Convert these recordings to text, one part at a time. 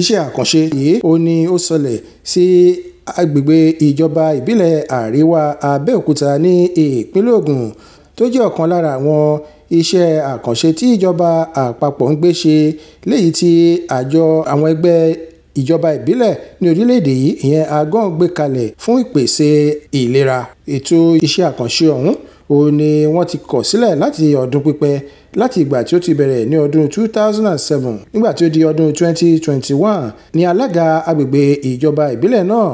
iṣẹ́ àkànṣe yìí ó ní ó sọlẹ̀ sí agbègbè ìjọba ìbílẹ̀ àríwá abẹ́òkúta ní ìpínlẹ̀ ògùn tó jẹ́ ọ̀kan lára àwọn iṣẹ́ àkànṣe tí ìjọba àpapọ̀ ń gbé ṣe léyìí tí àjọ àwọn ẹgbẹ́ ìjọba ìbílẹ̀ ní orílẹ̀-èdè yìí ìyẹn agán gbé kalẹ̀ fún ìpèsè ìlera ètò iṣẹ́ àkànṣe ọ̀hún òun ni wọ́n ti kọ̀ sílẹ̀ láti ọdún pípẹ́ láti ìgbà tí ó ti bẹ̀rẹ̀ ní ọdún 2007 nígbà tí ó di ọdún 2021 ni alága agbègbè ìjọba ìbílẹ̀ náà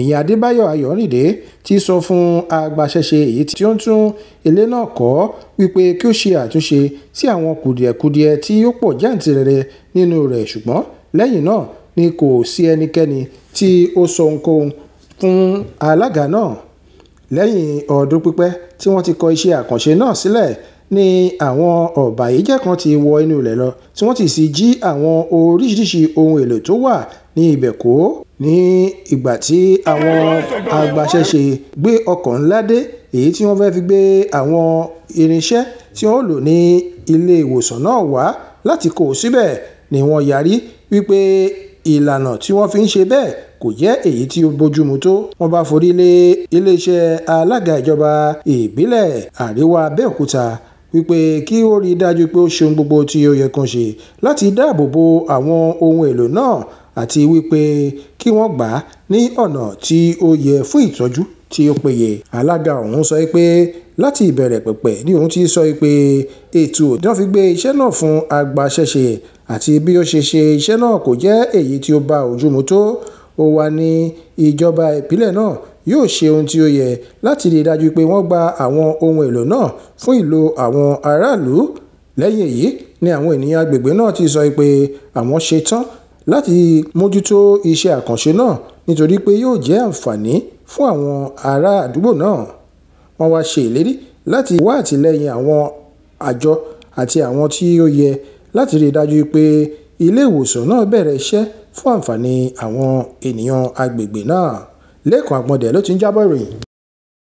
ìyẹn adébáyọ̀ ayọ̀rìndé ti sọ fún agbaṣẹ́ṣe èyí tí ó ń tún ilé náà kọ́ wípé kí ó ṣe àtúnṣe sí àwọn kùdìẹ̀kudiẹ tí ó pọ̀ jáǹtìrẹrẹ nínú rẹ̀ ṣùgbọ́n lẹ́yìn náà ni kò sí ẹnikẹ́ni tí ó sọ ohunkóhun fún alága náà lẹ́yìn ọdún pípẹ́ tí wọ́n ti kọ iṣẹ́ àkànṣe náà sílẹ̀ ni àwọn ọ̀bàyéjẹ́ kan ti wọ inú ilẹ̀ lọ tí wọ́n ti sì jí àwọn oríṣiríṣi ohun èlò tó wà ní ibẹ̀ kó ní ìgbà tí àwọn agbaṣẹ́ṣe gbé ọkọ̀ ńlá dé èyí tí wọ́n fẹ́ fi gbé àwọn irinṣẹ́ tí wọ́n lò ní ilé ìwòsàn náà wá láti kó o síbẹ̀ ni wọ́n yarí wípé ìlànà tí wọ́n fi ń ṣe bẹ́ẹ̀ kò jẹ́ èyí tí ó bójúmu tó wọ́n bá forí lé iléeṣẹ́ alága ìjọba ìbílẹ̀ àríwá Abẹ́òkúta wípé kí ó rí i dájú pé ó ṣeun gbogbo tí ó yẹ kó ṣe láti dáàbò bo àwọn ohun èlò náà àti wípé kí wọ́n gbà á ní ọ̀nà tí ó yẹ fún ìtọ́jú tí ó péye alága ọ̀hún sọ pé láti ìbẹ̀rẹ̀ pẹ̀pẹ̀ ni òun ti sọ pé ètò tí fi gbé iṣẹ́ náà fún agbaṣẹ́ṣe àti bí ó ṣe ṣe iṣẹ́ náà kò jẹ́ èyí tí ó bá ojú mu tó ó wà ní ìjọba ìpínlẹ̀ náà yóò ṣe ohun tí ó yẹ láti rí dájú pé wọ́n gba àwọn ohun èlò náà fún ìlò àwọn aráàlú lẹ́yìn èyí ni àwọn ènìyàn agbègbè náà ti sọ pé àwọn ṣetán láti mójútó iṣẹ́ àkànṣe náà nítorí pé yóò jẹ́ àǹfààní fún àwọn ará àdúgbò náà wọ́n wá ṣe ìlérí láti wá àtìlẹ́yìn àwọn àjọ àti àwọn tí ó yẹ láti rí dájú pé ilé ìwòsàn náà bẹ̀rẹ̀ iṣẹ́ fún àǹfààní àwọn ènìyàn agbègbè náà lẹ́kọ̀ọ́ àgbọ̀ndẹ̀ ló ti ń jábọ̀ ìròyìn.